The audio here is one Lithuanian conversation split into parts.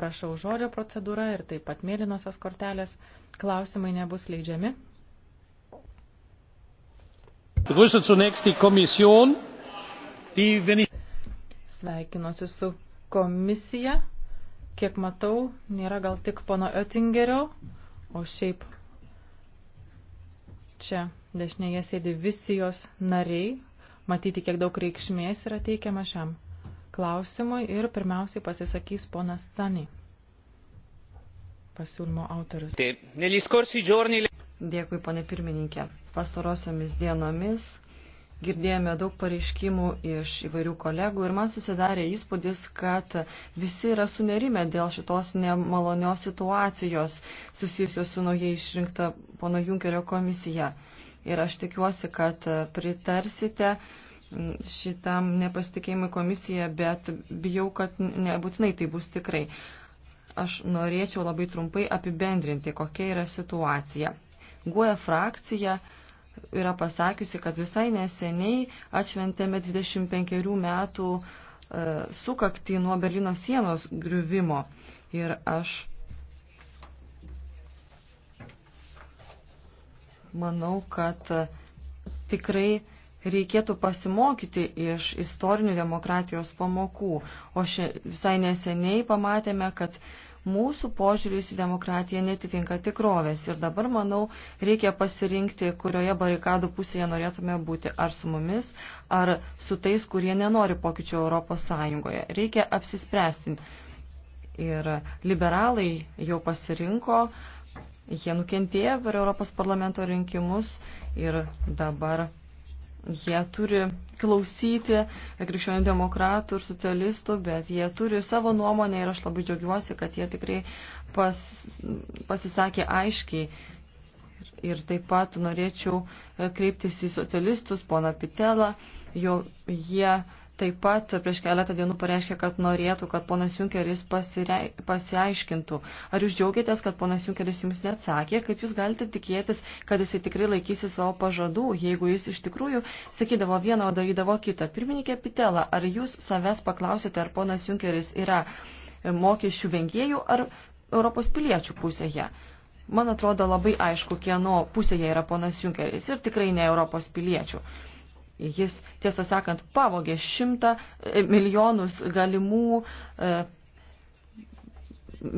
Prašau žodžio procedūra ir taip pat mėlynosios kortelės. Klausimai nebus leidžiami. Sveikinuosi su komisija. Kiek matau, nėra gal tik pono Oettingerio, o šiaip čia dešinėje sėdi visi jos nariai. Matyti, kiek daug reikšmės yra teikiama šiam klausimui ir pirmiausiai pasisakys ponas Cani, pasiūlymo autorius. Dėkui, ponė pirmininkė. Pastarosiomis dienomis girdėjome daug pareiškimų iš įvairių kolegų ir man susidarė įspūdis, kad visi yra sunerime dėl šitos nemalonios situacijos susijusios su naujai išrinkta pono Junkerio komisija. Ir aš tikiuosi, kad pritarsite uh, šitam nepasitikėjimui komisija, bet bijau, kad nebūtinai tai bus tikrai. Aš norėčiau labai trumpai apibendrinti, kokia yra situacija. Guoja frakcija yra pasakiusi, kad visai neseniai atšventėme 25 metų e, sukaktį nuo Berlyno sienos griuvimo. Ir aš manau, kad tikrai reikėtų pasimokyti iš istorinių demokratijos pamokų. O šia, visai neseniai pamatėme, kad mūsų požiūris į demokratiją netitinka tikrovės. Ir dabar, manau, reikia pasirinkti, kurioje barikadų pusėje norėtume būti. Ar su mumis, ar su tais, kurie nenori pokyčių Europos Sąjungoje. Reikia apsispręsti. Ir liberalai jau pasirinko, jie nukentėjo per Europos parlamento rinkimus ir dabar Jie turi klausyti krikščionių demokratų ir socialistų, bet jie turi savo nuomonę ir aš labai džiaugiuosi, kad jie tikrai pas, pasisakė aiškiai. Ir, ir taip pat norėčiau kreiptis į socialistus, poną Pitelą, jo jie taip pat prieš keletą dienų pareiškė, kad norėtų, kad ponas Junkeris pasirei, pasiaiškintų. Ar jūs džiaugiatės, kad ponas Junkeris jums neatsakė? Kaip jūs galite tikėtis, kad jisai tikrai laikysi savo pažadų, jeigu jis iš tikrųjų sakydavo vieną, o darydavo kitą? Pirmininkė Pitela, ar jūs savęs paklausite, ar ponas Junkeris yra mokesčių vengėjų ar Europos piliečių pusėje? Man atrodo labai aišku, kieno pusėje yra ponas Junkeris ir tikrai ne Europos piliečių. Jis, tiesą sakant, pavogė šimtą e, milijonus galimų, e,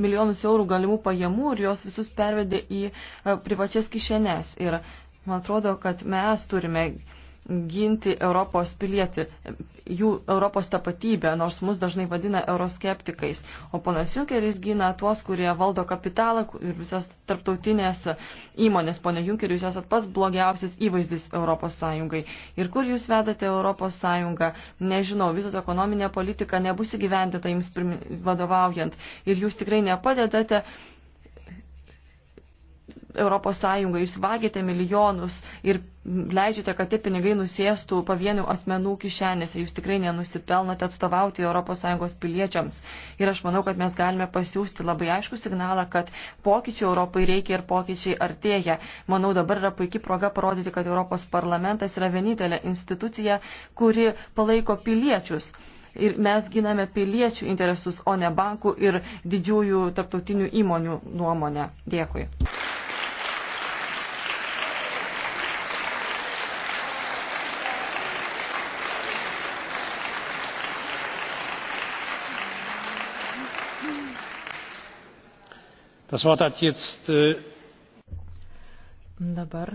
milijonus eurų galimų pajamų ir jos visus pervedė į e, privačias kišenes. Ir man atrodo, kad mes turime ginti Europos pilietį, jų Europos tapatybę, nors mus dažnai vadina euroskeptikais. O ponas Junkeris gina tuos, kurie valdo kapitalą ir visas tarptautinės įmonės. Pone Junkeri, jūs esat pats blogiausias įvaizdis Europos Sąjungai. Ir kur jūs vedate Europos Sąjungą, nežinau, visos ekonominė politika nebus įgyvendita jums vadovaujant. Ir jūs tikrai nepadedate Europos Sąjungai, jūs vagite milijonus ir leidžiate, kad tie pinigai nusėstų pavienių asmenų kišenėse, jūs tikrai nenusipelnate atstovauti Europos Sąjungos piliečiams. Ir aš manau, kad mes galime pasiūsti labai aišku signalą, kad pokyčių Europai reikia ir pokyčiai artėja. Manau, dabar yra puikia proga parodyti, kad Europos parlamentas yra vienintelė institucija, kuri palaiko piliečius ir mes giname piliečių interesus, o ne bankų ir didžiųjų tarptautinių įmonių nuomonę. Dėkui. Das Wort hat jetzt. Äh, Dabar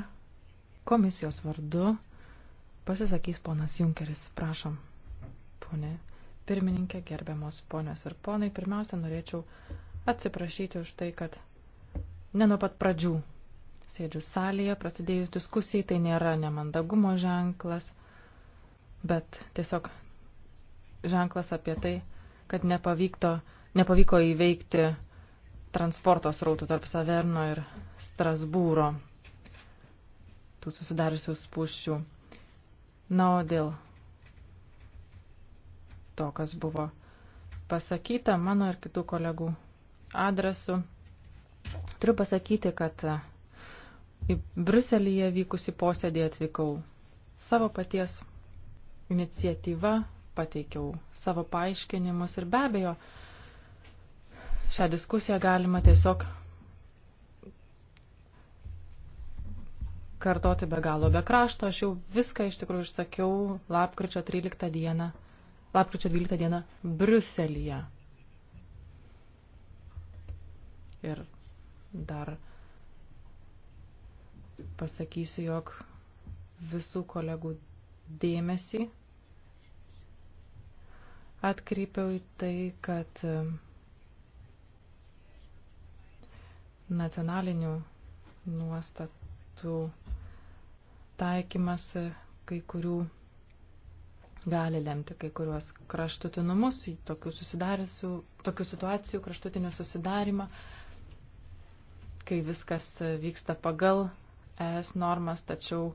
komisijos vardu pasisakys ponas Junkeris. Prašom, ponė pirmininkė, gerbiamos ponios ir ponai. Pirmiausia, norėčiau atsiprašyti už tai, kad ne nuo pat pradžių sėdžiu salėje, prasidėjus diskusijai, tai nėra nemandagumo ženklas, bet tiesiog ženklas apie tai, kad nepavykto, nepavyko įveikti transporto srautų tarp Saverno ir Strasbūro, tų susidariusių spūščių. Na, o dėl to, kas buvo pasakyta mano ir kitų kolegų adresu, turiu pasakyti, kad e, į Bruselyje vykusi posėdį atvykau savo paties iniciatyvą, pateikiau savo paaiškinimus ir be abejo, šią diskusiją galima tiesiog kartoti be galo be krašto. Aš jau viską iš tikrųjų išsakiau lapkričio 13 dieną, lapkričio 12 dieną Briuselyje. Ir dar pasakysiu, jog visų kolegų dėmesį atkreipiau į tai, kad nacionalinių nuostatų taikymas kai kurių gali lemti kai kuriuos kraštutinumus, tokių, tokių situacijų, kraštutinių susidarimą, kai viskas vyksta pagal ES normas, tačiau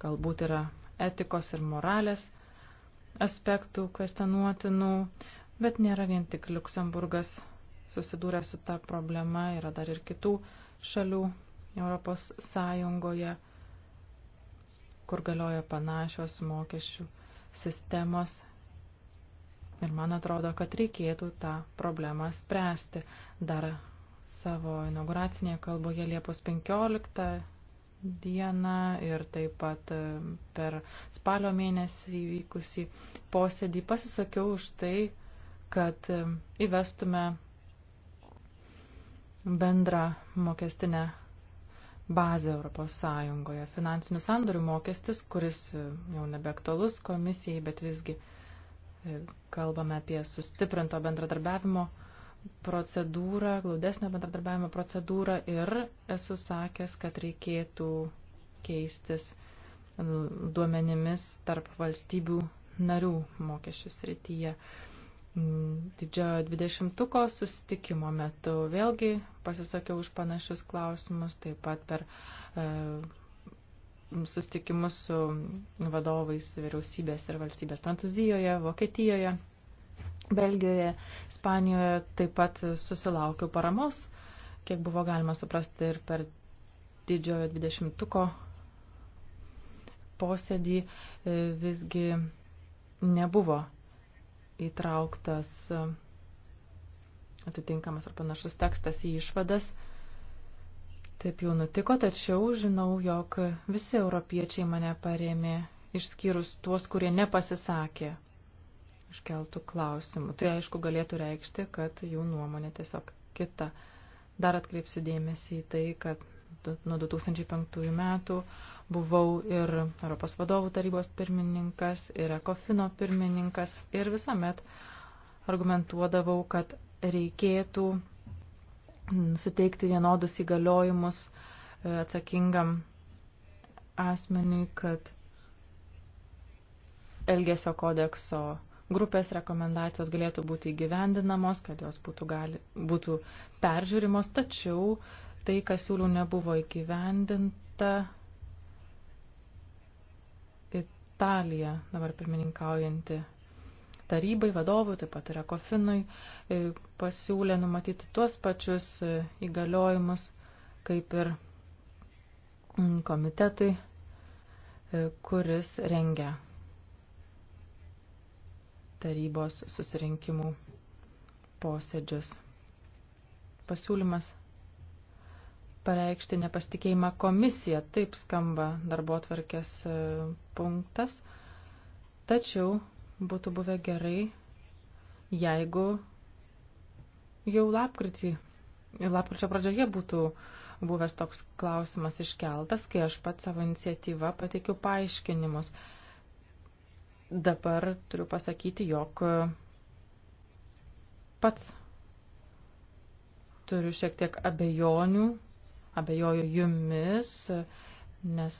galbūt yra etikos ir moralės aspektų kvestionuotinų, bet nėra vien tik Luksemburgas susidūrę su ta problema, yra dar ir kitų šalių Europos Sąjungoje, kur galioja panašios mokesčių sistemos. Ir man atrodo, kad reikėtų tą problemą spręsti. Dar savo inauguracinėje kalboje Liepos 15 dieną ir taip pat per spalio mėnesį įvykusį posėdį pasisakiau už tai, kad įvestume bendrą mokestinę bazę Europos Sąjungoje. Finansinių sandorių mokestis, kuris e, jau nebeaktualus komisijai, bet visgi e, kalbame apie sustiprinto bendradarbiavimo procedūrą, glaudesnio bendradarbiavimo procedūrą ir esu sakęs, kad reikėtų keistis duomenimis tarp valstybių narių mokesčių srityje didžiojo dvidešimtuko susitikimo metu. Vėlgi pasisakiau už panašius klausimus, taip pat per e, susitikimus su vadovais vyriausybės ir valstybės Prancūzijoje, Vokietijoje, Belgijoje, Ispanijoje taip pat susilaukiau paramos, kiek buvo galima suprasti ir per didžiojo dvidešimtuko posėdį e, visgi nebuvo įtrauktas atitinkamas ar panašus tekstas į išvadas. Taip jau nutiko, tačiau žinau, jog visi europiečiai mane parėmė, išskyrus tuos, kurie nepasisakė iškeltų klausimų. Tai aišku galėtų reikšti, kad jų nuomonė tiesiog kita. Dar atkreipsiu dėmesį į tai, kad nuo 2005 metų Buvau ir Europos vadovų tarybos pirmininkas, ir Ekofino pirmininkas ir visuomet argumentuodavau, kad reikėtų suteikti vienodus įgaliojimus e, atsakingam asmeniui, kad Elgesio kodekso grupės rekomendacijos galėtų būti įgyvendinamos, kad jos būtų, gali, būtų peržiūrimos, tačiau tai, kas siūliau, nebuvo įgyvendinta Italija, dabar pirmininkaujanti tarybai, vadovui, taip pat ir Ekofinui, e, pasiūlė numatyti tuos pačius e, įgaliojimus, kaip ir mm, komitetui, e, kuris rengia tarybos susirinkimų posėdžius. Pasiūlymas pareikšti nepasitikėjimą komisiją. Taip skamba darbo atvarkės e, punktas. Tačiau būtų buvę gerai, jeigu jau lapkritį, lapkričio pradžioje būtų buvęs toks klausimas iškeltas, kai aš pat savo iniciatyvą pateikiu paaiškinimus. Dabar turiu pasakyti, jog pats turiu šiek tiek abejonių abejoju jumis, nes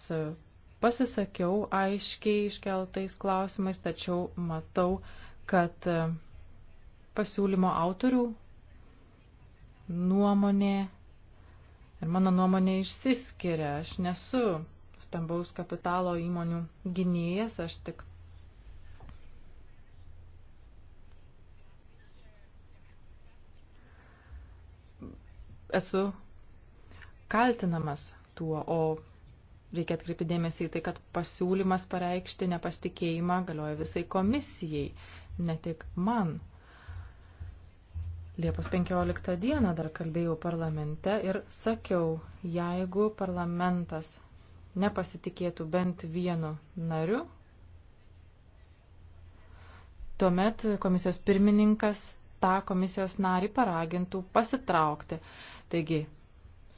pasisakiau aiškiai iškeltais klausimais, tačiau matau, kad pasiūlymo autorių nuomonė ir mano nuomonė išsiskiria. Aš nesu stambaus kapitalo įmonių gynėjas, aš tik esu kaltinamas tuo, o reikia atkreipti dėmesį į tai, kad pasiūlymas pareikšti nepastikėjimą galioja visai komisijai, ne tik man. Liepos 15 dieną dar kalbėjau parlamente ir sakiau, jeigu parlamentas nepasitikėtų bent vienu nariu, tuomet komisijos pirmininkas tą komisijos narį paragintų pasitraukti. Taigi,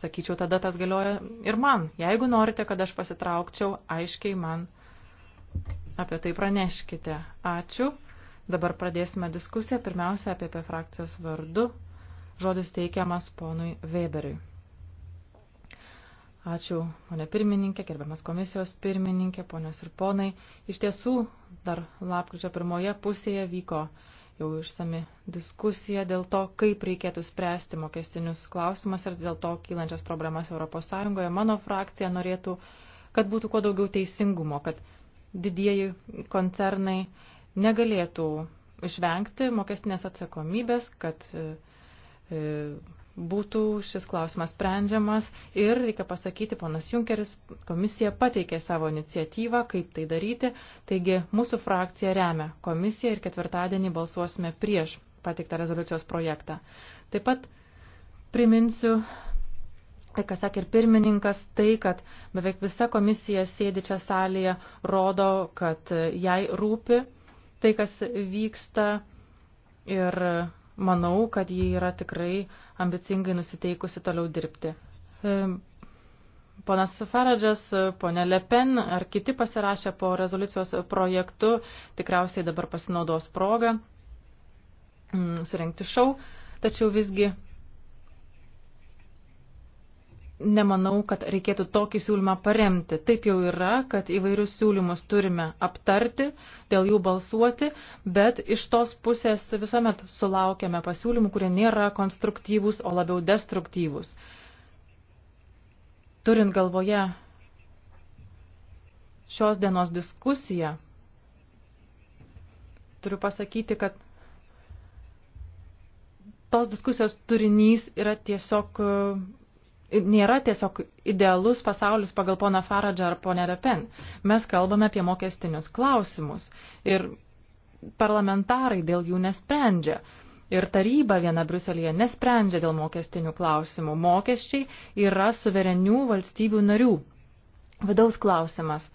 Sakyčiau, tada tas galioja ir man. Jeigu norite, kad aš pasitraukčiau, aiškiai man apie tai praneškite. Ačiū. Dabar pradėsime diskusiją. Pirmiausia, apie P frakcijos vardu. Žodis teikiamas ponui Weberiui. Ačiū, ponė pirmininkė, gerbiamas komisijos pirmininkė, ponios ir ponai. Iš tiesų, dar lapkričio pirmoje pusėje vyko uh, jau išsami diskusija dėl to, kaip reikėtų spręsti mokestinius klausimas ir dėl to kylančias problemas ES. Mano frakcija norėtų, kad būtų kuo daugiau teisingumo, kad didieji koncernai negalėtų išvengti mokestinės atsakomybės, kad e, e būtų šis klausimas sprendžiamas ir, reikia pasakyti, ponas Junkeris komisija pateikė savo iniciatyvą, kaip tai daryti, taigi mūsų frakcija remia komisiją ir ketvirtadienį balsuosime prieš pateiktą rezoliucijos projektą. Taip pat priminsiu, tai ką sakė ir pirmininkas, tai, kad beveik visa komisija sėdi čia salėje, rodo, kad jai rūpi tai, kas vyksta ir manau, kad ji yra tikrai ambicingai nusiteikusi toliau dirbti. E, ponas Faradžas, ponė Lepen ar kiti pasirašę po rezoliucijos projektu tikriausiai dabar pasinaudos progą mm, surenkti šau, tačiau visgi nemanau, kad reikėtų tokį siūlymą paremti. Taip jau yra, kad įvairius siūlymus turime aptarti, dėl jų balsuoti, bet iš tos pusės visuomet sulaukiame pasiūlymų, kurie nėra konstruktyvūs, o labiau destruktyvūs. Turint galvoje šios dienos diskusiją, turiu pasakyti, kad tos diskusijos turinys yra tiesiog nėra tiesiog idealus pasaulis pagal poną Faradžą ar ponę Repen. Mes kalbame apie mokestinius klausimus ir parlamentarai dėl jų nesprendžia. Ir taryba viena Bruselėje nesprendžia dėl mokestinių klausimų. Mokesčiai yra suverenių valstybių narių. Vidaus klausimas.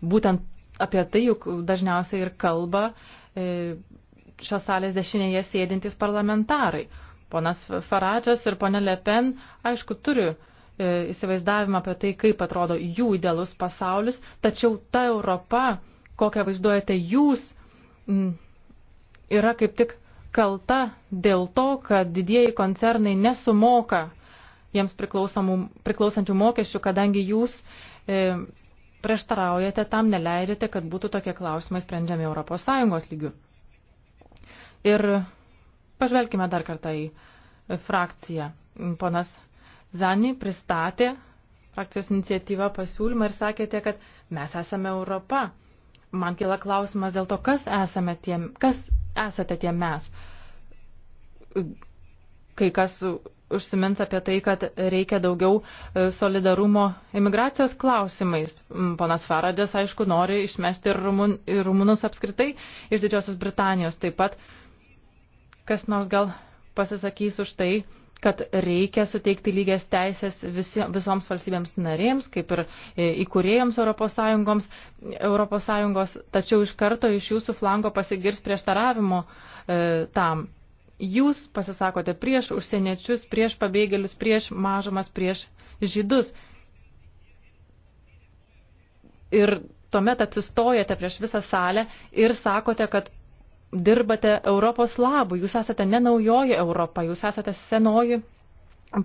Būtent apie tai juk dažniausiai ir kalba e, šios salės dešinėje sėdintys parlamentarai. Ponas Faradžas ir ponė Lepen, aišku, turi e, įsivaizdavimą apie tai, kaip atrodo jų idealus pasaulis, tačiau ta Europa, kokią vaizduojate jūs, yra kaip tik kalta dėl to, kad didieji koncernai nesumoka jiems priklausančių mokesčių, kadangi jūs e, prieštaraujate tam, neleidžiate, kad būtų tokie klausimai sprendžiami ES lygių. Ir Pažvelkime dar kartą į e, frakciją. Ponas Zani pristatė frakcijos iniciatyvą pasiūlymą ir sakėte, kad mes esame Europa. Man kila klausimas dėl to, kas, esame tie, kas esate tie mes. Kai kas užsimins apie tai, kad reikia daugiau e, solidarumo imigracijos klausimais. Ponas Faradės, aišku, nori išmesti ir rumunus apskritai iš Didžiosios Britanijos. Taip pat uh, Kas nors gal pasisakys už tai, kad reikia suteikti lygias teisės visi, visoms valstybėms narėms, kaip ir e, įkūrėjams ES, ES, tačiau iš karto iš jūsų flango pasigirs prieštaravimo e, tam. Jūs pasisakote prieš užsieniečius, prieš pabėgėlius, prieš mažumas, prieš žydus. Ir tuomet atsistojate prieš visą salę ir sakote, kad dirbate Europos labui, jūs esate ne naujoji Europa, jūs esate senoji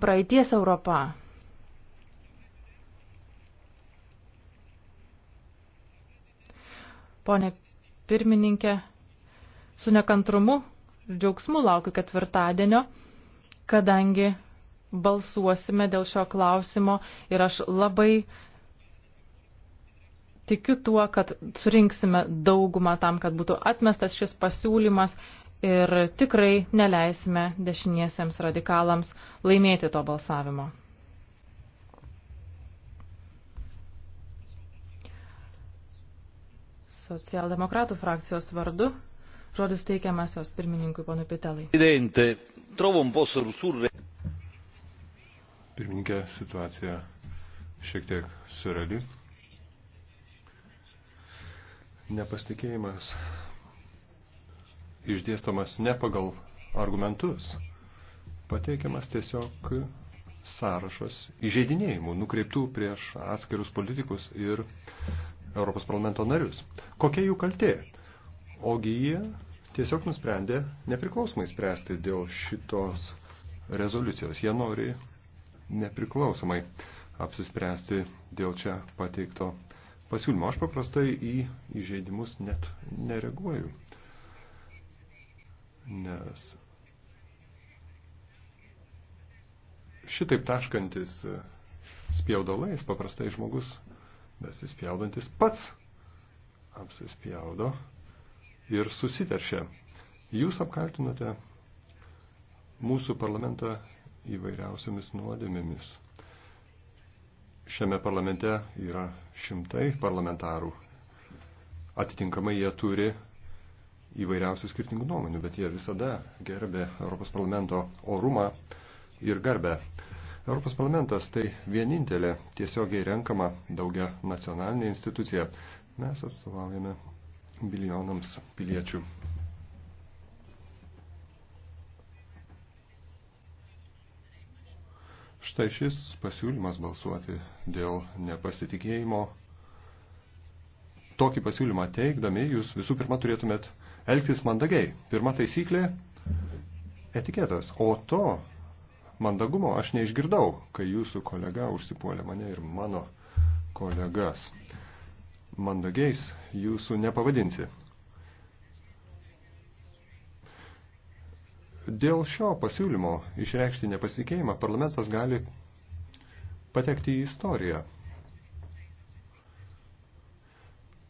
praeities Europa. Pone pirmininkė, su nekantrumu ir džiaugsmu laukiu ketvirtadienio, kadangi balsuosime dėl šio klausimo ir aš labai tikiu tuo, kad surinksime daugumą tam, kad būtų atmestas šis pasiūlymas ir tikrai neleisime dešiniesiems radikalams laimėti to balsavimo. Socialdemokratų frakcijos vardu žodis teikiamas jos pirmininkui ponui Pitelai. Pirmininkė situacija šiek tiek surali nepasitikėjimas išdėstomas ne pagal argumentus, pateikiamas tiesiog sąrašas įžeidinėjimų nukreiptų prieš atskirus politikus ir Europos parlamento narius. Kokia jų kaltė? Ogi jie tiesiog nusprendė nepriklausomai spręsti dėl šitos rezoliucijos. Jie nori nepriklausomai apsispręsti dėl čia pateikto pasiūlymo. Aš paprastai į įžeidimus net nereaguoju, nes šitaip taškantis spjaudalais paprastai žmogus, besispjaudantis pats apsispjaudo ir susiteršia. Jūs apkaltinote mūsų parlamentą įvairiausiamis nuodėmėmis. Šiame parlamente yra šimtai parlamentarų. Atitinkamai jie turi įvairiausių skirtingų nuomonių, bet jie visada gerbė Europos parlamento orumą ir garbę. Europos parlamentas tai vienintelė tiesiogiai renkama daugia nacionalinė institucija. Mes atstovaujame milijonams piliečių. Štai šis pasiūlymas balsuoti dėl nepasitikėjimo. Tokį pasiūlymą teikdami jūs visų pirma turėtumėt elgtis mandagiai. Pirma taisyklė – etiketas. O to mandagumo aš neišgirdau, kai jūsų kolega užsipuolė mane ir mano kolegas. Mandagiais jūsų nepavadinsi. Dėl šio pasiūlymo išreikšti nepasikeimą parlamentas gali patekti į istoriją.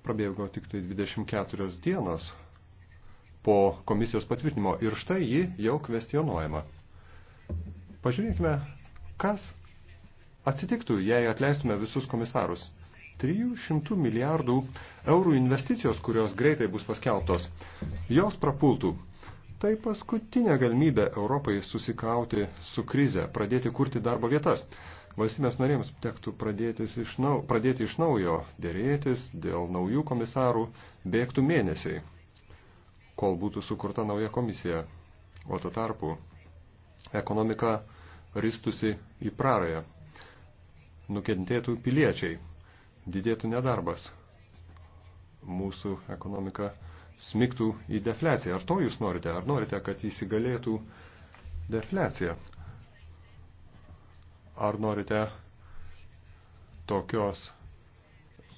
Prabėgo tik tai 24 dienos po komisijos patvirtinimo ir štai ji jau kvestionuojama. Pažiūrėkime, kas atsitiktų, jei atleistume visus komisarus. 300 milijardų eurų investicijos, kurios greitai bus paskeltos, jos prapultų Tai paskutinė galimybė Europai susikauti su krize, pradėti kurti darbo vietas. Valstybės narėms tektų iš nau, pradėti iš naujo dėrėtis dėl naujų komisarų bėgtų mėnesiai, kol būtų sukurta nauja komisija. O tuo tarpu ekonomika ristusi į prarąją, nukentėtų piliečiai, didėtų nedarbas, mūsų ekonomika smiktų į defliaciją. Ar to jūs norite? Ar norite, kad įsigalėtų defliacija? Ar norite tokios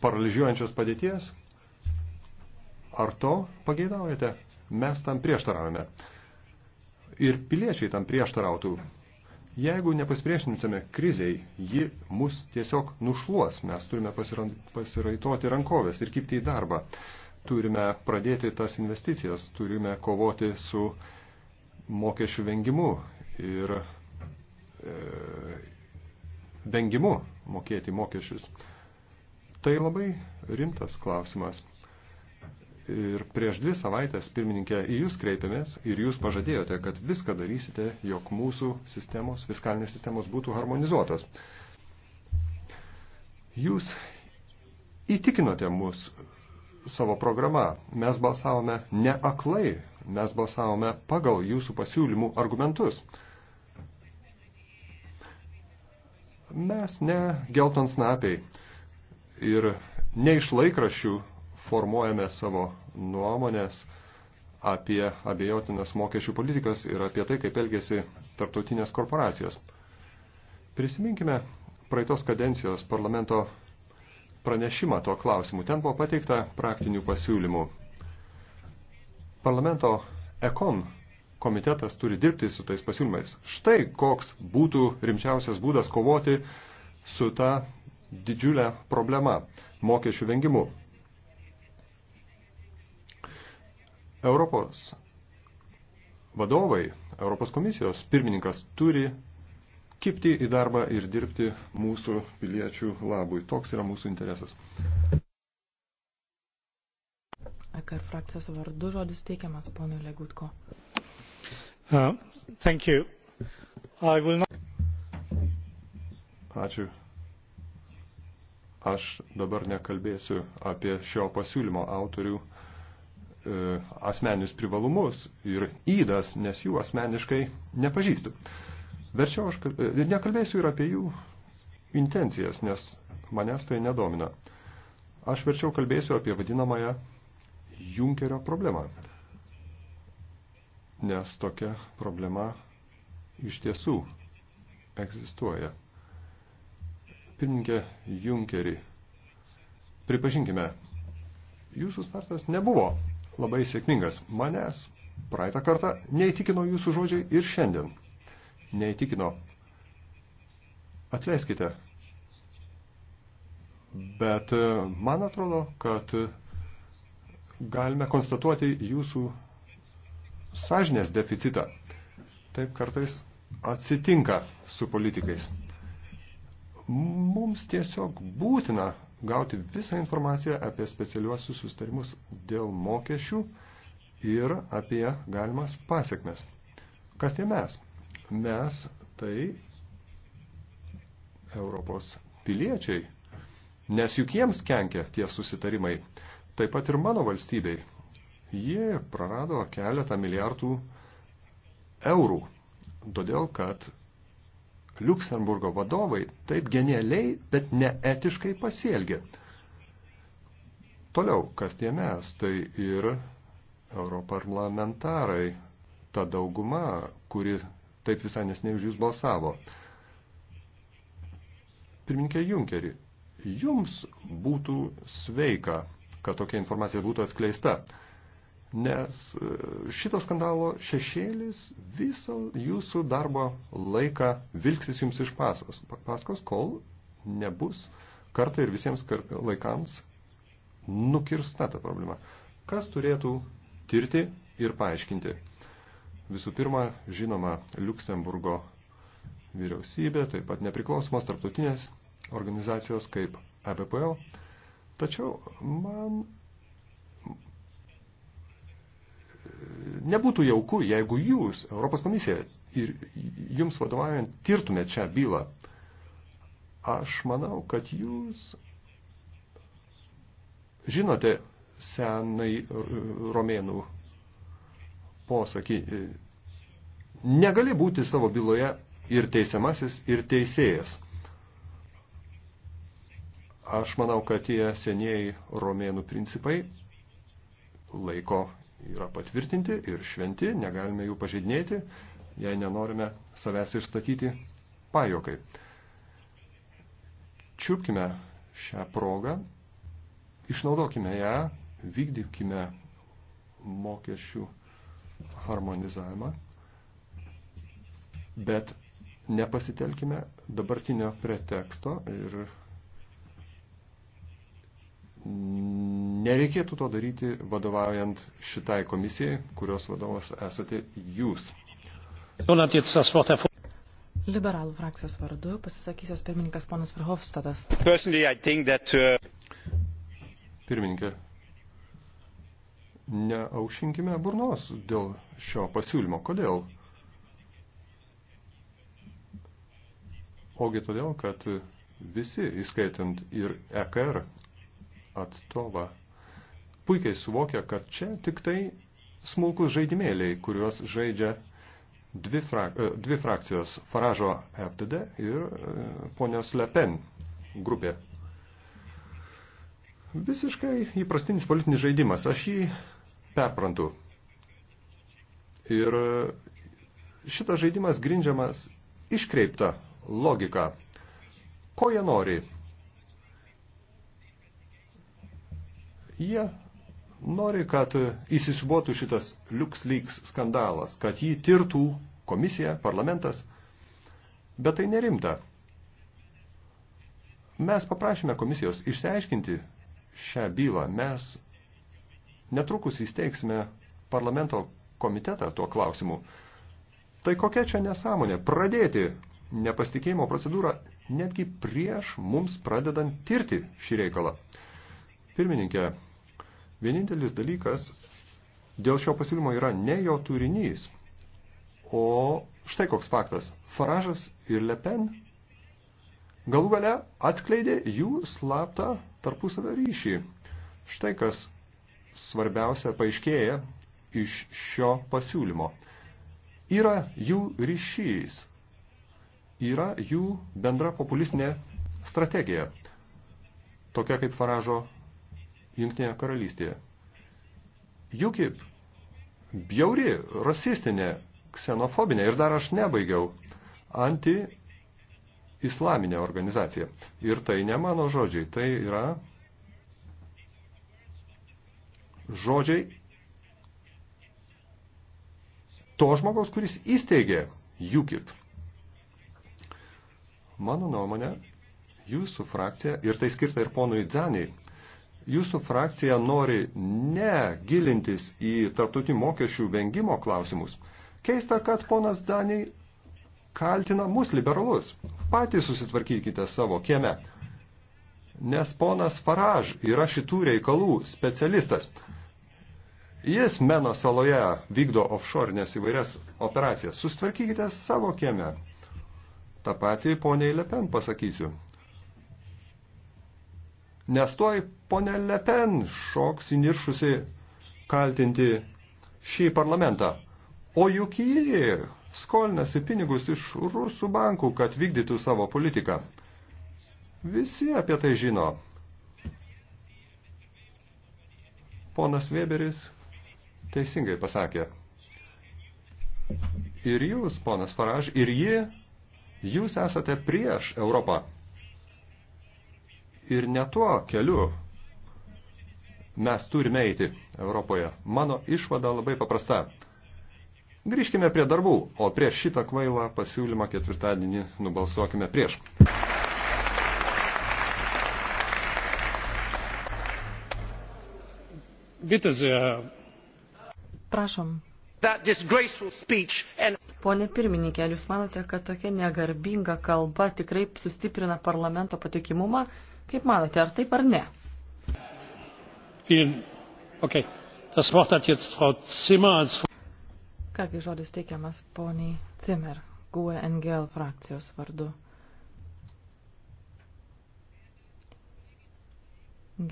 paralyžiuojančios padėties? Ar to pageidaujate? Mes tam prieštaravome. Ir piliečiai tam prieštarautų. Jeigu nepasipriešinsime kriziai, ji mus tiesiog nušluos. Mes turime pasiraitoti rankovės ir kipti į darbą turime pradėti tas investicijas, turime kovoti su mokesčių vengimu ir e, vengimu mokėti mokesčius. Tai labai rimtas klausimas. Ir prieš dvi savaitės, pirmininkė, į jūs kreipėmės ir jūs pažadėjote, kad viską darysite, jog mūsų sistemos, fiskalinės sistemos būtų harmonizuotos. Jūs įtikinote mus savo programa. Mes balsavome ne aklai, mes balsavome pagal jūsų pasiūlymų argumentus. Mes ne geltonsnapiai ir ne iš laikrašių formuojame savo nuomonės apie abejotinas mokesčių politikas ir apie tai, kaip elgėsi tarptautinės korporacijos. Prisiminkime praeitos kadencijos parlamento pranešimą tuo klausimu. Ten buvo pateikta praktinių pasiūlymų. Parlamento ekon komitetas turi dirbti su tais pasiūlymais. Štai koks būtų rimčiausias būdas kovoti su ta didžiulė problema – mokesčių vengimu. Europos vadovai, Europos komisijos pirmininkas turi kipti į darbą ir dirbti mūsų piliečių labui. Toks yra mūsų interesas. EKR frakcijos vardu žodis teikiamas ponui Legutko. Uh, thank you. I will not... Ačiū. Aš dabar nekalbėsiu apie šio pasiūlymo autorių e, asmeninius privalumus ir įdas, nes jų asmeniškai nepažįstu. E, Verčiau aš e, nekalbėsiu ir apie jų intencijas, nes manęs tai nedomina. Aš verčiau kalbėsiu apie vadinamąją Junkerio problemą. Nes tokia problema iš tiesų egzistuoja. Pirmininkė Junkerį, pripažinkime, jūsų startas nebuvo labai sėkmingas. Manęs praeitą kartą neįtikino jūsų žodžiai ir šiandien neįtikino. Atleiskite. Bet e, man atrodo, kad galime konstatuoti jūsų sąžinės deficitą. Taip kartais atsitinka su politikais. Mums tiesiog būtina gauti visą informaciją apie specialiuosius sustarimus dėl mokesčių ir apie galimas pasiekmes. Kas tie mes? mes tai Europos piliečiai, nes juk jiems kenkia tie susitarimai. Taip pat ir mano valstybei. Jie prarado keletą milijardų eurų, todėl kad Luxemburgo vadovai taip genialiai, bet neetiškai pasielgė. Toliau, kas tie mes, tai ir europarlamentarai, ta dauguma, kuri taip visai nesnei už jūs balsavo. Pirminkė Junkeri, jums būtų sveika, kad tokia informacija būtų atskleista, nes e, šito skandalo šešėlis viso jūsų darbo laiką vilksis jums iš pasos, paskos, kol nebus kartą ir visiems laikams nukirsta ta problema. Kas turėtų tirti ir paaiškinti? Visų pirma, žinoma, Luksemburgo vyriausybė, taip pat nepriklausomos tarptautinės organizacijos kaip EBPO. Tačiau man nebūtų jauku, jeigu jūs, Europos komisija, ir jums vadovaujant, tirtumėt šią bylą. Aš manau, kad jūs žinote senai romėnų posakį negali būti savo byloje ir teisiamasis, ir teisėjas. Aš manau, kad tie senieji romėnų principai laiko yra patvirtinti ir šventi, negalime jų pažeidinėti, jei nenorime savęs išstatyti pajokai. Čiupkime šią progą, išnaudokime ją, vykdykime mokesčių harmonizavimą. Bet nepasitelkime dabartinio preteksto ir nereikėtų to daryti vadovaujant šitai komisijai, kurios vadovas esate jūs. Liberalų frakcijos vardu pasisakysios pirmininkas ponas Verhofstadas. Uh, Pirmininkė, neaušinkime burnos dėl šio pasiūlymo. Kodėl? Ogi todėl, kad visi, įskaitant ir EKR atstovą, puikiai suvokia, kad čia tik tai smulkus žaidimėliai, kuriuos žaidžia dvi, frak, e, dvi frakcijos – Faražo FTD ir e, ponios Le Pen grupė. Visiškai įprastinis politinis žaidimas. Aš jį perprantu. Ir e, šitas žaidimas grindžiamas iškreipta logiką. Ko jie nori? Jie nori, kad įsisubotų šitas LuxLeaks skandalas, kad jį tirtų komisija, parlamentas, bet tai nerimta. Mes paprašėme komisijos išsiaiškinti šią bylą. Mes netrukus įsteigsime parlamento komitetą tuo klausimu. Tai kokia čia nesąmonė pradėti nepasitikėjimo procedūrą netgi prieš mums pradedant tirti šį reikalą. Pirmininkė, vienintelis dalykas dėl šio pasiūlymo yra ne jo turinys, o štai koks faktas. Faražas ir Lepen galų gale atskleidė jų slaptą tarpusavę ryšį. Štai kas svarbiausia paaiškėja iš šio pasiūlymo. Yra jų ryšys – yra jų bendra populistinė strategija, tokia kaip Faražo Junktinėje karalystėje. UKIP bjauri, rasistinė, ksenofobinė ir dar aš nebaigiau anti-islaminė organizacija. Ir tai ne mano žodžiai, tai yra žodžiai to žmogaus, kuris įsteigė UKIP. Mano nuomonė, jūsų frakcija, ir tai skirta ir ponui Dzaniai, jūsų frakcija nori ne gilintis į tarptautinių mokesčių vengimo klausimus. Keista, kad ponas Dzaniai kaltina mus liberalus. Patys susitvarkykite savo kieme. Nes ponas Faraž yra šitų reikalų specialistas. Jis Meno saloje vykdo offshore'nės įvairias operacijas. Sustvarkykite savo kieme tą patį poniai Lepen pasakysiu. Nes toj ponė Lepen šoks įniršusi kaltinti šį parlamentą. O juk ji skolinasi pinigus iš rusų bankų, kad vykdytų savo politiką. Visi apie tai žino. Ponas Weberis teisingai pasakė. Ir jūs, ponas Faraž, ir ji Jūs esate prieš Europą. Ir ne tuo keliu mes turime eiti Europoje. Mano išvada labai paprasta. Grįžkime prie darbų, o prieš šitą kvailą pasiūlymą ketvirtadienį nubalsuokime prieš. Bitte sehr. Prašom. That disgraceful speech and Pone pirmininkė, ar jūs manote, kad tokia negarbinga kalba tikrai sustiprina parlamento patikimumą? Kaip manote, ar taip ar ne? Okay. Kągi žodis teikiamas poniai Zimmer, GUE NGL frakcijos vardu.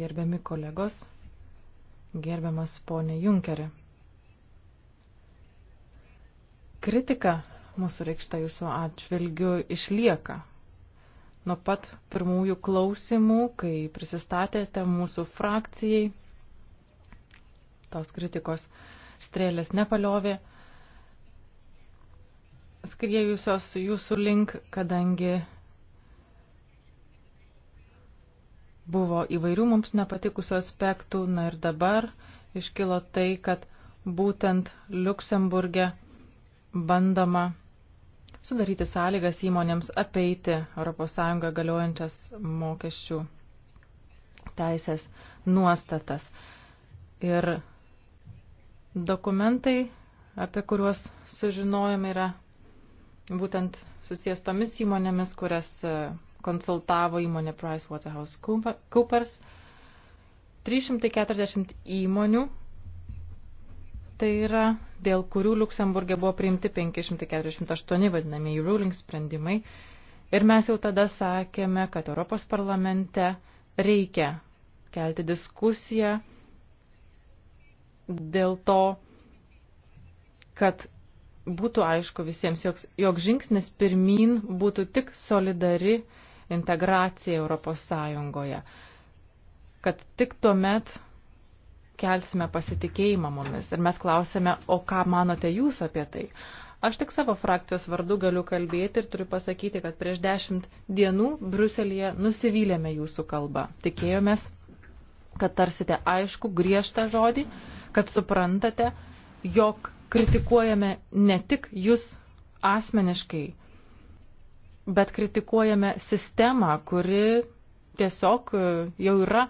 Gerbiami kolegos, gerbiamas ponė Junkerė kritika mūsų reikšta jūsų atžvilgiu išlieka. Nuo pat pirmųjų klausimų, kai prisistatėte mūsų frakcijai, tos kritikos strėlės nepaliovė, skriejusios jūsų link, kadangi buvo įvairių mums nepatikusių aspektų, na ir dabar iškilo tai, kad būtent Luksemburgė bandoma sudaryti sąlygas įmonėms apeiti ES galiojančias mokesčių teisės nuostatas. Ir dokumentai, apie kuriuos sužinojom, yra būtent susijęs tomis įmonėmis, kurias e, konsultavo įmonė PricewaterhouseCoopers. 340 įmonių tai yra, dėl kurių Luksemburgė buvo priimti 548 vadinamieji ruling sprendimai. Ir mes jau tada sakėme, kad Europos parlamente reikia kelti diskusiją dėl to, kad būtų aišku visiems, jog, jog žingsnis pirmin būtų tik solidari integracija Europos Sąjungoje, kad tik tuomet kelsime pasitikėjimą mumis. Ir mes klausėme, o ką manote jūs apie tai? Aš tik savo frakcijos vardu galiu kalbėti ir turiu pasakyti, kad prieš dešimt dienų Bruselėje nusivylėme jūsų kalbą. Tikėjomės, kad tarsite aišku, griežtą žodį, kad suprantate, jog kritikuojame ne tik jūs asmeniškai, bet kritikuojame sistemą, kuri tiesiog e, jau yra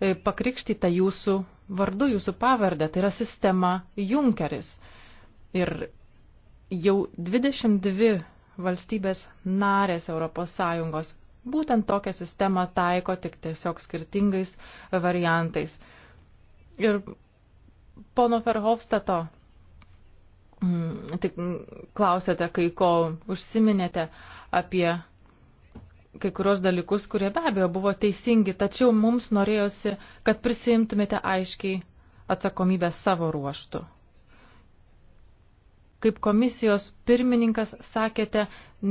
e, pakrikštyta jūsų vardu, jūsų pavardę. Tai yra sistema Junkeris. Ir jau 22 valstybės narės ES būtent tokią sistemą taiko tik tiesiog skirtingais variantais. Ir pono Ferhofstato, mm, tik klausėte kai ko, užsiminėte apie kai kurios dalykus, kurie be abejo buvo teisingi, tačiau mums norėjosi, kad prisimtumėte aiškiai atsakomybę savo ruoštų. Kaip komisijos pirmininkas sakėte,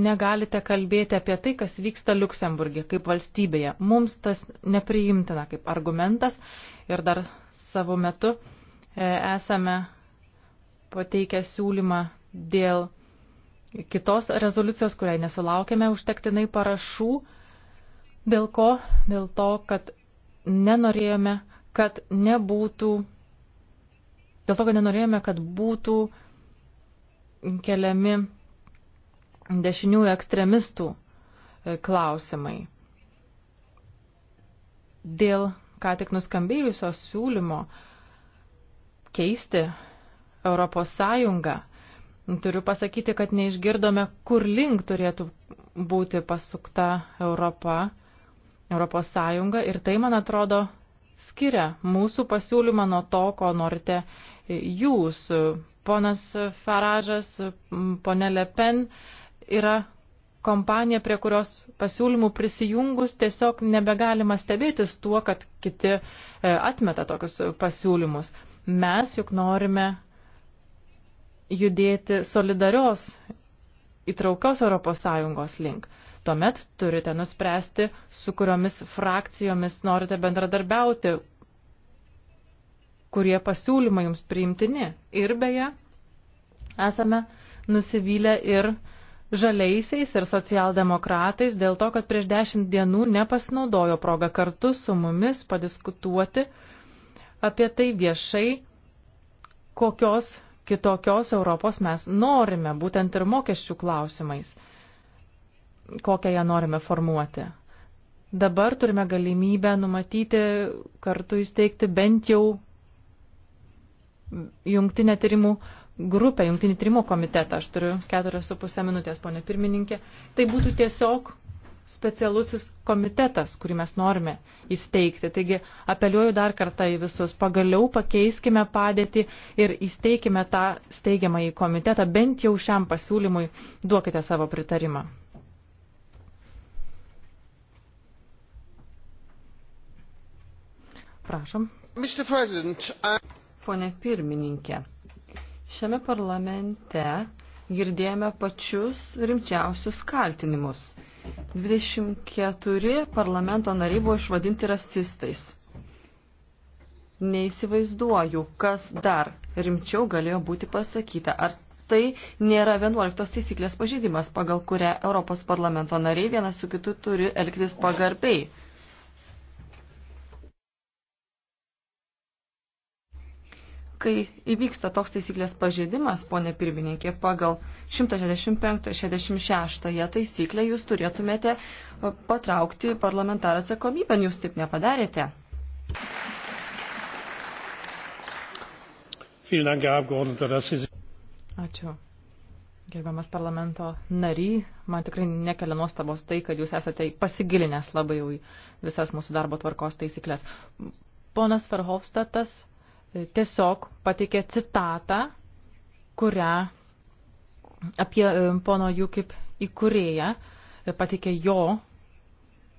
negalite kalbėti apie tai, kas vyksta Luksemburgė kaip valstybėje. Mums tas nepriimtina kaip argumentas ir dar savo metu e, esame pateikę siūlymą dėl kitos rezoliucijos, kuriai nesulaukėme užtektinai parašų. Dėl ko? Dėl to, kad nenorėjome, kad nebūtų. Dėl to, kad nenorėjome, kad būtų keliami dešinių ekstremistų e, klausimai. Dėl ką tik nuskambėjusios siūlymo keisti Europos Sąjungą Turiu pasakyti, kad neišgirdome, kur link turėtų būti pasukta Europa, Europos Sąjunga ir tai, man atrodo, skiria mūsų pasiūlymą nuo to, ko norite jūs. Ponas Faražas, ponė Le Pen yra kompanija, prie kurios pasiūlymų prisijungus tiesiog nebegalima stebėtis tuo, kad kiti e, atmeta tokius pasiūlymus. Mes juk norime judėti solidarios įtraukios ES link. Tuomet turite nuspręsti, su kuriomis frakcijomis norite bendradarbiauti, kurie pasiūlymai jums priimtini. Ir beje, esame nusivylę ir žaliaisiais ir socialdemokratais dėl to, kad prieš dešimt dienų nepasinaudojo progą kartu su mumis padiskutuoti apie tai viešai, kokios kitokios Europos mes norime, būtent ir mokesčių klausimais, kokią ją norime formuoti. Dabar turime galimybę numatyti kartu įsteigti bent jau jungtinę tyrimų grupę, jungtinį tyrimų komitetą. Aš turiu keturias su pusę minutės, ponė pirmininkė. Tai būtų tiesiog specialusis komitetas, kurį mes norime įsteigti. Taigi apeliuoju dar kartą į visus. Pagaliau pakeiskime padėtį ir įsteikime tą steigiamąjį komitetą. Bent jau šiam pasiūlymui duokite savo pritarimą. Prašom. Pone pirmininkė, šiame parlamente girdėjome pačius rimčiausius kaltinimus 24 parlamento nariai buvo išvadinti rasistais. Neįsivaizduoju, kas dar rimčiau galėjo būti pasakyta. Ar tai nėra 11 taisyklės pažydimas, pagal kurią Europos parlamento nariai vienas su kitu turi elgtis pagarbiai? Kai įvyksta toks taisyklės pažeidimas, ponė pirmininkė, pagal 165-66 taisyklę jūs turėtumėte patraukti parlamentarą atsakomybę, jūs taip nepadarėte. Ačiū. Gerbiamas parlamento nary, man tikrai nekelia nuostabos tai, kad jūs esate pasigilinęs labai jau į visas mūsų darbo tvarkos taisyklės. Ponas Verhofstadtas tiesiog pateikė citatą, kurią apie e, pono jų kaip įkūrėją e, pateikė jo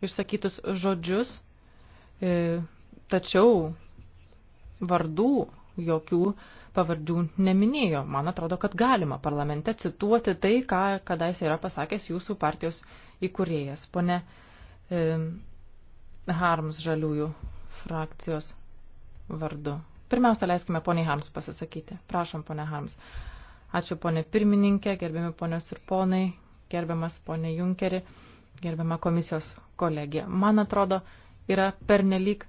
išsakytus žodžius, e, tačiau vardų jokių pavardžių neminėjo. Man atrodo, kad galima parlamente cituoti tai, ką kadaise yra pasakęs jūsų partijos įkūrėjas, pone e, Harms žaliųjų frakcijos vardu. Pirmiausia, leiskime poniai Harms pasisakyti. Prašom, ponė Harms. Ačiū, ponė pirmininkė, gerbiami ponios ir ponai, gerbiamas ponė Junkeri, gerbiama komisijos kolegė. Man atrodo, yra pernelyg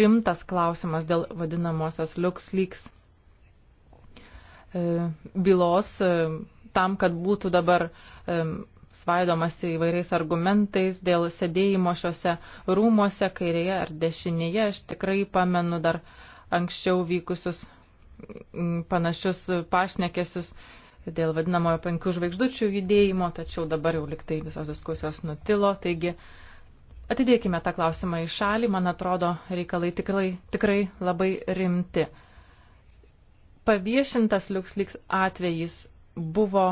rimtas klausimas dėl vadinamosios LuxLeaks e, bylos e, tam, kad būtų dabar e, svaidomas įvairiais argumentais dėl sėdėjimo šiuose rūmuose kairėje ar dešinėje. Aš tikrai pamenu dar uh, anksčiau vykusius mm, panašius pašnekesius dėl vadinamojo penkių žvaigždučių judėjimo, tačiau dabar jau liktai visos diskusijos nutilo, taigi atidėkime tą klausimą į šalį, man atrodo, reikalai tikrai, tikrai labai rimti. Paviešintas liuksliks atvejis buvo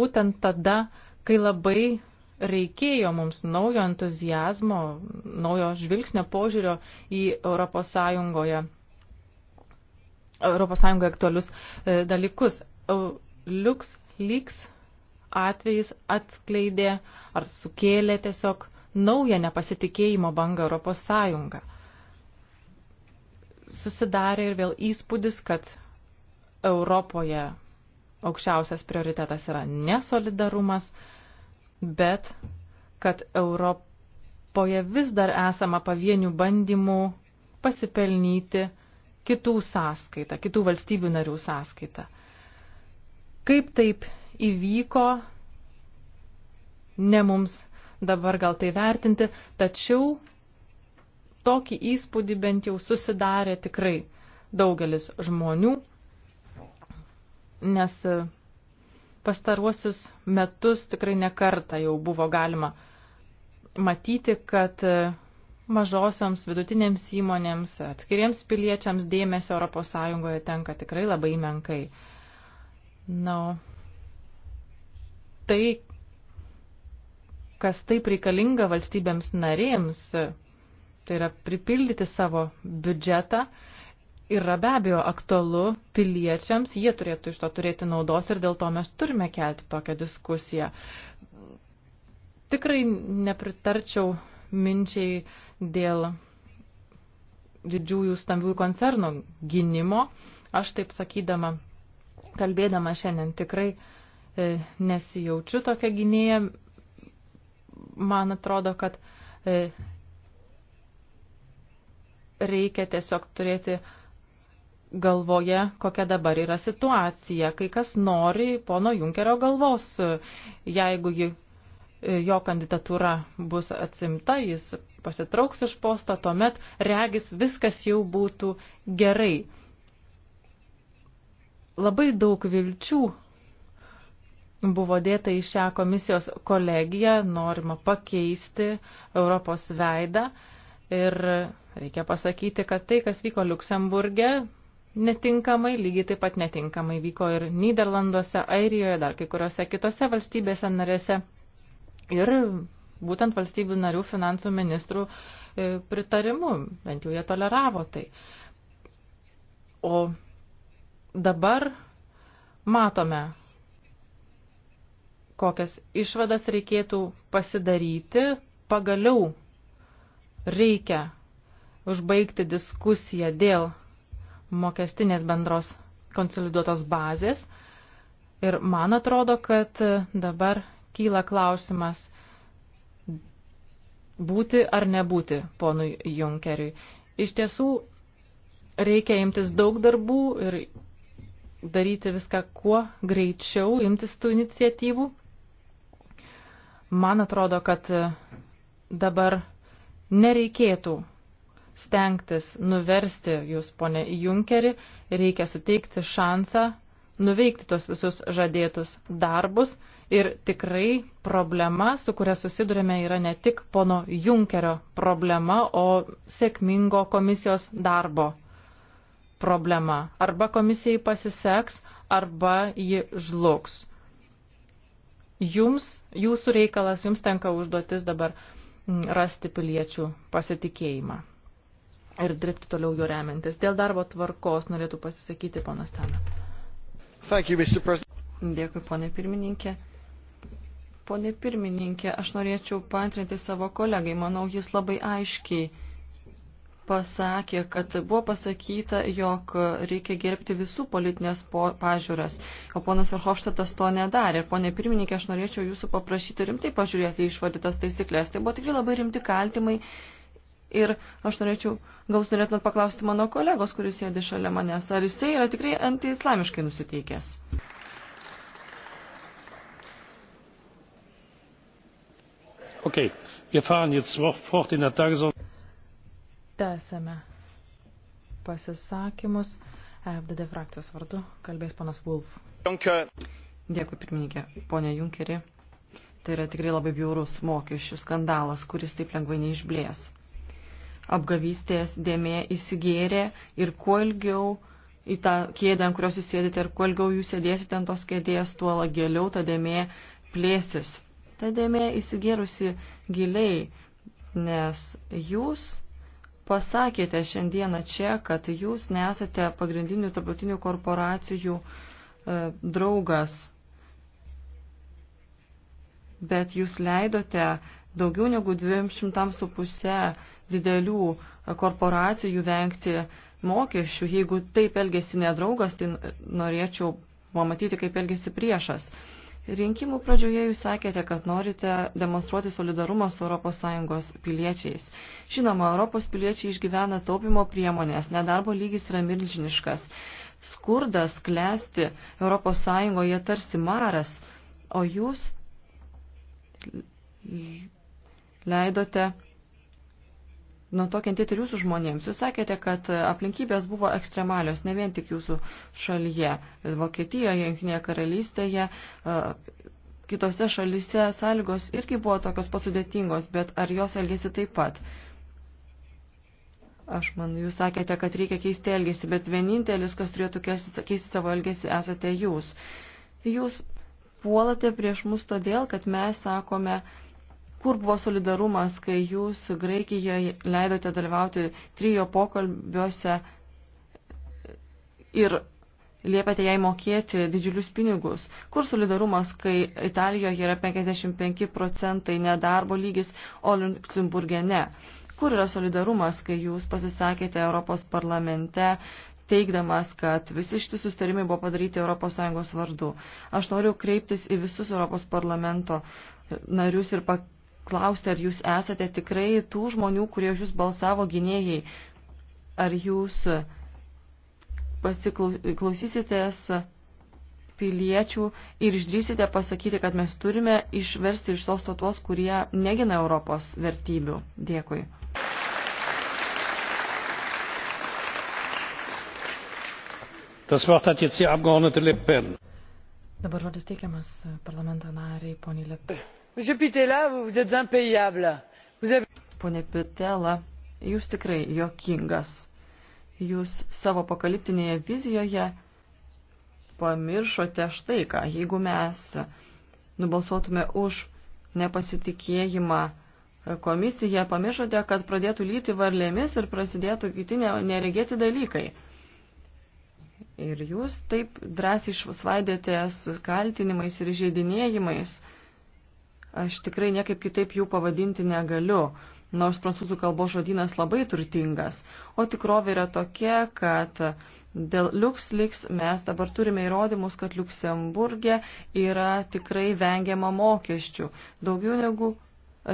būtent tada, kai labai reikėjo mums naujo entuzijazmo, naujo žvilgsnio požiūrio į ES ES aktualius e, dalykus. Liuks lygs atvejis atskleidė ar sukėlė tiesiog naują nepasitikėjimo bangą ES. Susidarė ir vėl įspūdis, kad Europoje aukščiausias prioritetas yra nesolidarumas, bet kad Europoje vis dar esama pavienių bandymų pasipelnyti kitų sąskaita, kitų valstybių narių sąskaita. Kaip taip įvyko, ne mums dabar gal tai vertinti, tačiau tokį įspūdį bent jau susidarė tikrai daugelis žmonių, nes e, pastaruosius metus tikrai nekarta jau buvo galima matyti, kad e, mažosioms vidutinėms įmonėms, atskiriems piliečiams dėmesio ES tenka tikrai labai menkai. Na, no. tai, kas taip reikalinga valstybėms narėms, tai yra pripildyti savo biudžetą, yra be abejo aktualu piliečiams, jie turėtų iš to turėti naudos ir dėl to mes turime kelti tokią diskusiją. Tikrai nepritarčiau minčiai, dėl didžiųjų stambiųjų koncernų gynimo. Aš taip sakydama, kalbėdama šiandien tikrai e, nesijaučiu tokia gynėja. Man atrodo, kad e, reikia tiesiog turėti galvoje, kokia dabar yra situacija. Kai kas nori pono Junkerio galvos, jeigu ji jo kandidatūra bus atsimta, jis pasitrauks iš posto, tuomet regis viskas jau būtų gerai. Labai daug vilčių buvo dėta į šią komisijos kolegiją, norima pakeisti Europos veidą ir reikia pasakyti, kad tai, kas vyko Luksemburge, netinkamai, lygiai taip pat netinkamai vyko ir Niderlanduose, Airijoje, dar kai kuriuose kitose valstybėse narėse ir būtent valstybių narių finansų ministrų e, pritarimu, bent jau jie toleravo tai. O dabar matome, kokias išvadas reikėtų pasidaryti, pagaliau reikia užbaigti diskusiją dėl mokestinės bendros konsoliduotos bazės. Ir man atrodo, kad dabar kyla klausimas būti ar nebūti ponui Junkeriui. Iš tiesų reikia imtis daug darbų ir daryti viską kuo greičiau, imtis tų iniciatyvų. Man atrodo, kad dabar nereikėtų stengtis nuversti jūs, ponė Junkerį, reikia suteikti šansą nuveikti tos visus žadėtus darbus Ir tikrai problema, su kuria susidurime, yra ne tik pono Junkerio problema, o sėkmingo komisijos darbo problema. Arba komisijai pasiseks, arba ji žlugs. Jums, jūsų reikalas, jums tenka užduotis dabar mm, rasti piliečių pasitikėjimą ir dirbti toliau jo remiantis. Dėl darbo tvarkos norėtų pasisakyti ponas Tanak. Dėkui, ponė pirmininkė. Pone pirmininkė, aš norėčiau pantrinti savo kolegai. Manau, jis labai aiškiai pasakė, kad buvo pasakyta, jog reikia gerbti visų politinės po pažiūras, o ponas Verhofštatas to nedarė. Ir ponė pirmininkė, aš norėčiau jūsų paprašyti rimtai pažiūrėti išvadytas taisyklės. Tai buvo tikrai labai rimti kaltimai. Ir aš norėčiau, gal jūs norėtumėt paklausti mano kolegos, kuris sėdi šalia manęs, ar jisai yra tikrai antiislamiškai nusiteikęs. Okay. Tęsėme pasisakymus. FDD frakcijos vardu kalbės panas Wolf. Junker. Dėkui, pirmininkė. Pone Junkeri, tai yra tikrai labai bjaurus mokesčių skandalas, kuris taip lengvai neišblės. Apgavystės dėmė įsigėrė ir kuo ilgiau į tą kėdę, ant kurios jūs sėdite ir kuo ilgiau jūs sėdėsite ant tos kėdės, tuo giliau ta dėmė plėsis. Ta dėmė įsigėrusi giliai, nes jūs pasakėte šiandieną čia, kad jūs nesate pagrindinių tarptautinių korporacijų e, draugas, bet jūs leidote daugiau negu 200,5 didelių korporacijų vengti mokesčių. Jeigu taip elgesi nedraugas, tai norėčiau pamatyti, kaip elgesi priešas. Rinkimų pradžioje jūs sakėte, kad norite demonstruoti solidarumą su ES piliečiais. Žinoma, Europos piliečiai išgyvena taupimo priemonės, nedarbo lygis yra milžiniškas. Skurdas klesti ES tarsi maras, o jūs leidote nuo to kentėti ir jūsų žmonėms. Jūs sakėte, kad aplinkybės buvo ekstremalios, ne vien tik jūsų šalyje, Vokietijoje, Junktinėje karalystėje, e, kitose šalyse sąlygos irgi buvo tokios pasudėtingos, bet ar jos elgėsi taip pat? Aš manau, jūs sakėte, kad reikia keisti elgesį, bet vienintelis, kas turėtų keisti savo elgesį, esate jūs. Jūs puolate prieš mus todėl, kad mes sakome, uh, Kur buvo solidarumas, kai jūs Graikijoje leidote dalyvauti trijo pokalbiuose ir liepėte jai mokėti didžiulius pinigus? Kur solidarumas, kai Italijoje yra 55 procentai nedarbo lygis, o Luxemburgė ne? Kur yra solidarumas, kai jūs pasisakėte Europos parlamente, teikdamas, kad visi šitie sustarimai buvo padaryti ES vardu? Aš noriu kreiptis į visus Europos parlamento narius ir pakeisti klausti, ar jūs esate tikrai tų žmonių, kurie jūs balsavo gynėjai. Ar jūs pasiklausysitės piliečių ir išdrysite pasakyti, kad mes turime išversti iš sosto tuos, kurie negina Europos vertybių. Dėkui. Das Wort hat jetzt die Abgeordnete Le Pen. Dabar žodis teikiamas parlamento nariai, poniai Le Pen. Pone Pitela, jūs tikrai jokingas. Jūs savo apokaliptinėje vizijoje pamiršote štai ką. Jeigu mes nubalsuotume už nepasitikėjimą komisiją, pamiršote, kad pradėtų lyti varlėmis ir prasidėtų kiti neregėti dalykai. Ir jūs taip drąsiai švaidėtės kaltinimais ir žaidinėjimais Aš tikrai niekaip kitaip jų pavadinti negaliu, nors prancūzų kalbos žodynas labai turtingas. O tikrovė yra tokia, kad dėl LuxLix mes dabar turime įrodymus, kad Luksemburgė yra tikrai vengiama mokesčių. Daugiau negu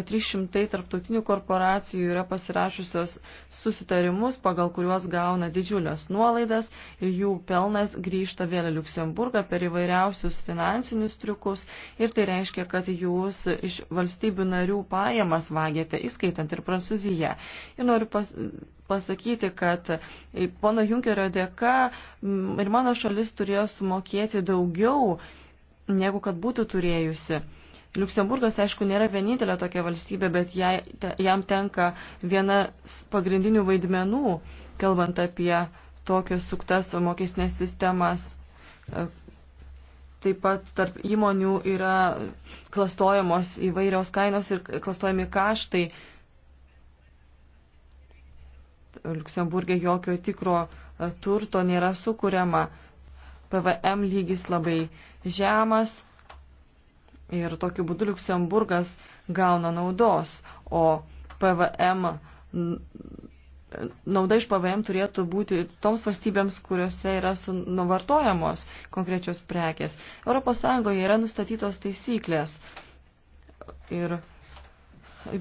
300 tarptautinių korporacijų yra pasirašusios susitarimus, pagal kuriuos gauna didžiulės nuolaidas ir jų pelnas grįžta vėl į Luksemburgą per įvairiausius finansinius triukus ir tai reiškia, kad jūs iš valstybių narių pajamas vagėte, įskaitant ir Prancūziją. Ir noriu pas, pasakyti, kad pono Junkerio dėka mm, ir mano šalis turėjo sumokėti daugiau negu kad būtų turėjusi. Liuksemburgas, aišku, nėra vienintelė tokia valstybė, bet jai, te, jam tenka vienas pagrindinių vaidmenų, kalbant apie tokias suktas mokesnės sistemas. E, taip pat tarp įmonių yra klastojamos įvairios kainos ir klastojami kaštai. Liuksemburgė jokio tikro e, turto nėra sukūriama. PVM lygis labai žemas Ir tokiu būdu Luksemburgas gauna naudos, o PVM nauda iš PVM turėtų būti toms valstybėms, kuriuose yra nuvartojamos konkrečios prekės. ES yra nustatytos taisyklės. Ir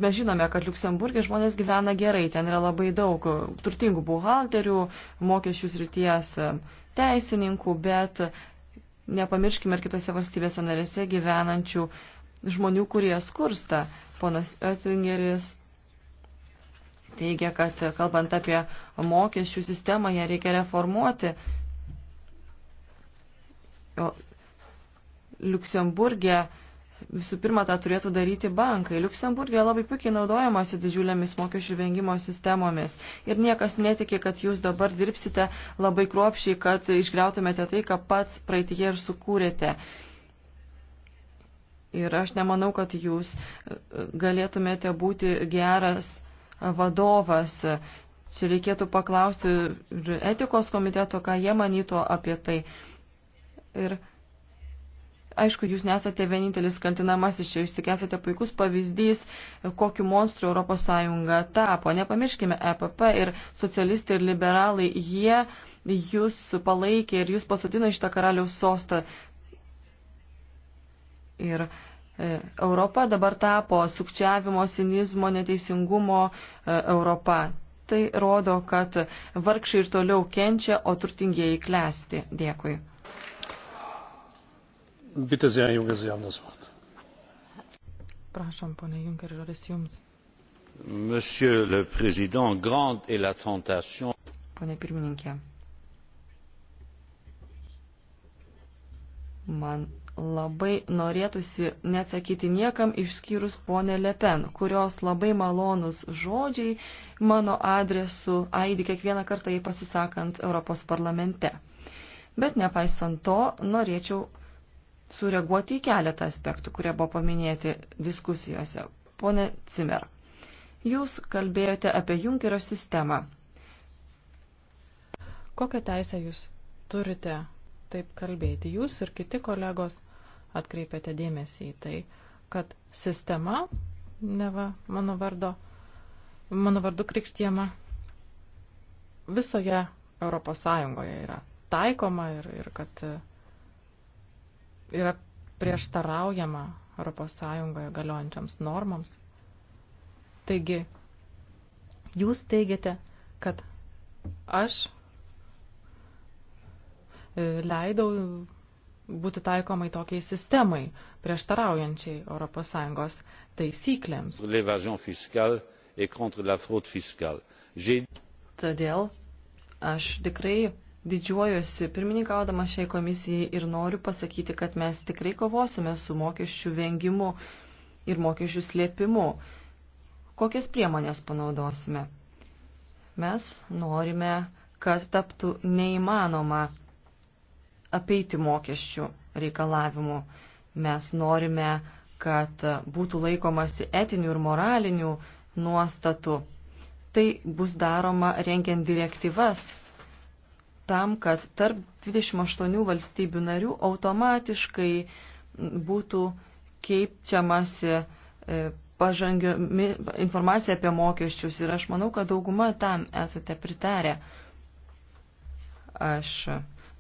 mes žinome, kad Luksemburgė žmonės gyvena gerai, ten yra labai daug turtingų buhalterių, mokesčių srities teisininkų, bet nepamirškime ir kitose valstybėse narėse gyvenančių žmonių, kurie skursta. Ponas Oettingeris teigia, kad kalbant apie mokesčių sistemą, ją reikia reformuoti. O Liuksemburgė Visų pirma, tą turėtų daryti bankai. Luksemburgė labai puikiai naudojamasi didžiulėmis mokesčių vengimo sistemomis. Ir niekas netikė, kad jūs dabar dirbsite labai kruopšiai, kad išgriautumėte tai, ką pats praeitie ir sukūrėte. Ir aš nemanau, kad jūs e, galėtumėte būti geras vadovas. Čia reikėtų paklausti etikos komiteto, ką jie manytų apie tai. Ir Aišku, jūs nesate vienintelis kaltinamasis čia, jūs tik esate puikus pavyzdys, kokiu monstru ES tapo. Nepamirškime EPP ir socialistai ir liberalai, jie jūs palaikė ir jūs pasodino šitą karaliaus sostą. Ir e, Europa dabar tapo sukčiavimo, sinizmo, neteisingumo e, Europa. Tai rodo, kad vargšai ir toliau kenčia, o turtingieji klesti. Dėkui. Bitte sehr, Herr Juncker, Sie haben das Wort. Prašom, pone Junker, žodis jums. Monsieur le Président, grande est la tentation. Pone pirmininkė, man labai norėtųsi neatsakyti niekam išskyrus ponę Lepen, kurios labai malonus žodžiai mano adresu aidi kiekvieną kartą jį pasisakant Europos parlamente. Bet nepaisant to, norėčiau sureaguoti į keletą aspektų, kurie buvo paminėti diskusijose. Pone Cimer, jūs kalbėjote apie Junkerio sistemą. Kokią teisę jūs turite taip kalbėti? Jūs ir kiti kolegos atkreipėte dėmesį į tai, kad sistema, neva mano vardo, mano vardu krikštiema, visoje Europos Sąjungoje yra taikoma ir, ir kad uh, yra prieštaraujama ES galiojančiams normoms. Taigi, jūs teigiate, kad aš e, leidau būti taikomai tokiai sistemai, prieštaraujančiai ES taisyklėms. Todėl aš tikrai didžiuojuosi pirmininkaudama šiai komisijai ir noriu pasakyti, kad mes tikrai kovosime su mokesčių vengimu ir mokesčių slėpimu. Kokias priemonės panaudosime? Mes norime, kad taptų neįmanoma apeiti mokesčių reikalavimų. Mes norime, kad būtų laikomasi etinių ir moralinių nuostatų. Tai bus daroma renkiant direktyvas tam, kad tarp 28 valstybių narių automatiškai būtų keičiamasi e, pažangiomi informacija apie mokesčius ir aš manau, kad dauguma tam esate pritarę. Aš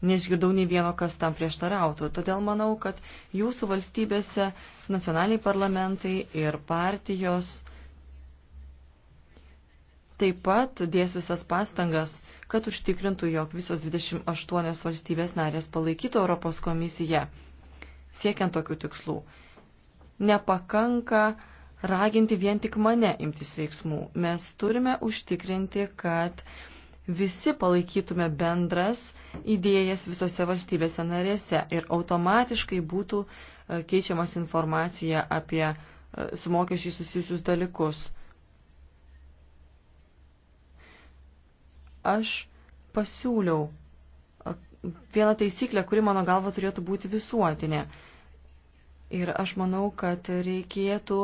neišgirdau nei vieno, kas tam prieštarautų. Todėl manau, kad jūsų valstybėse nacionaliniai parlamentai ir partijos taip pat dės visas pastangas, kad užtikrintų, jog visos 28 valstybės narės palaikytų Europos komisiją. Siekiant tokių tikslų, nepakanka raginti vien tik mane imtis veiksmų. Mes turime užtikrinti, kad visi palaikytume bendras idėjas visose valstybėse narėse ir automatiškai būtų e, keičiamas informacija apie e, su mokesčiai susijusius dalykus. aš pasiūliau vieną taisyklę, kuri mano galva turėtų būti visuotinė. Ir aš manau, kad reikėtų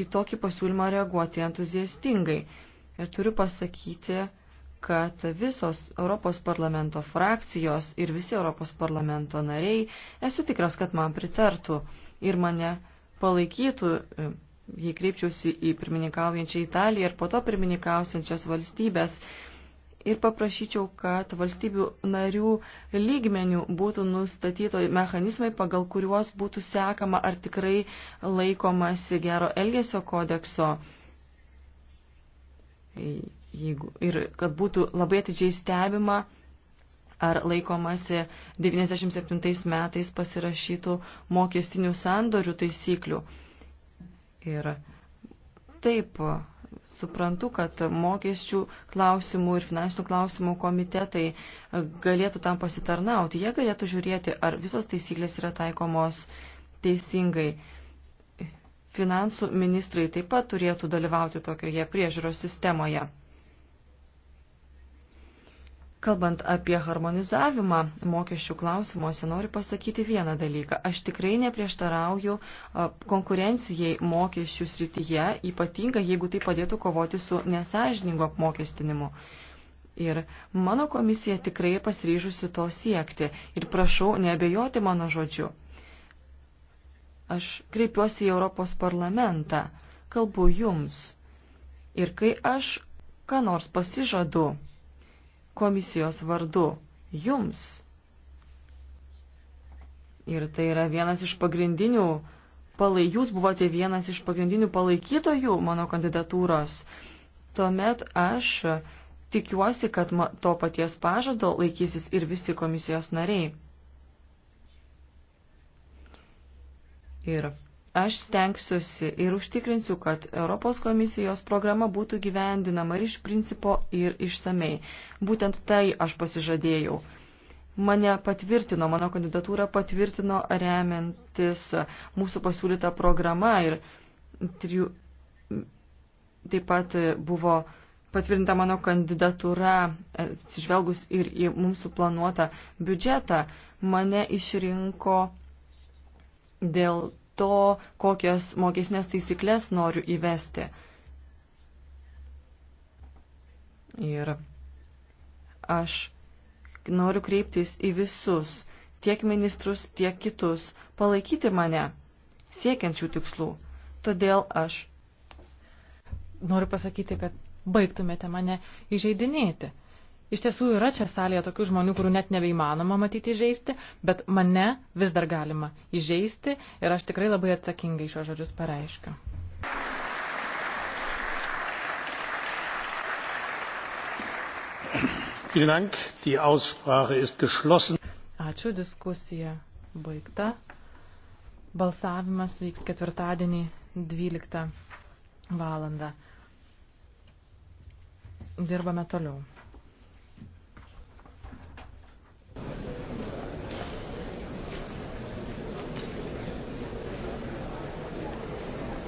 į tokį pasiūlymą reaguoti entuziastingai. Ir turiu pasakyti, kad visos Europos parlamento frakcijos ir visi Europos parlamento nariai, esu tikras, kad man pritartų ir mane palaikytų, e, jei kreipčiausi į pirmininkaujančią Italiją ir po to pirmininkausiančias valstybės, ir paprašyčiau, kad valstybių narių lygmenių būtų nustatyto mechanizmai, pagal kuriuos būtų sekama, ar tikrai laikomasi gero elgesio kodekso. Jeigu, ir kad būtų labai atidžiai stebima, ar laikomasi 97 metais pasirašytų mokestinių sandorių taisyklių. Ir taip, suprantu, kad mokesčių klausimų ir finansinių klausimų komitetai galėtų tam pasitarnauti. Jie galėtų žiūrėti, ar visos taisyklės yra taikomos teisingai. Finansų ministrai taip pat turėtų dalyvauti tokioje priežiūros sistemoje. Kalbant apie harmonizavimą mokesčių klausimuose, noriu pasakyti vieną dalyką. Aš tikrai neprieštarauju konkurencijai mokesčių srityje, ypatingai jeigu tai padėtų kovoti su nesažiningu apmokestinimu. Ir mano komisija tikrai pasiryžusi to siekti ir prašau nebejoti mano žodžiu. Aš kreipiuosi į Europos parlamentą, kalbu jums. Ir kai aš ką nors pasižadu, komisijos vardu jums. Ir tai yra vienas iš pagrindinių palai, jūs buvote vienas iš pagrindinių palaikytojų mano kandidatūros. Tuomet aš tikiuosi, kad to paties pažado laikysis ir visi komisijos nariai. Ir Aš stengsiuosi ir užtikrinsiu, kad Europos komisijos programa būtų gyvendinama ir iš principo, ir išsamei. Būtent tai aš pasižadėjau. Mane patvirtino, mano kandidatūrą patvirtino remiantis mūsų pasiūlyta programa ir trijų, taip pat buvo patvirtinta mano kandidatūra, atsižvelgus ir į mums suplanuotą biudžetą. Mane išrinko dėl to, kokias mokesnės taisyklės noriu įvesti. Ir aš noriu kreiptis į visus, tiek ministrus, tiek kitus, palaikyti mane, siekiančių tikslų. Todėl aš. Noriu pasakyti, kad baigtumėte mane įžeidinėti. Iš tiesų yra čia salėje tokių žmonių, kurių net nebeįmanoma matyti žaisti, bet mane vis dar galima įžeisti ir aš tikrai labai atsakingai šios žodžius pareiškiu. Ačiū, diskusija baigta. Balsavimas vyks ketvirtadienį 12 valandą. Dirbame toliau.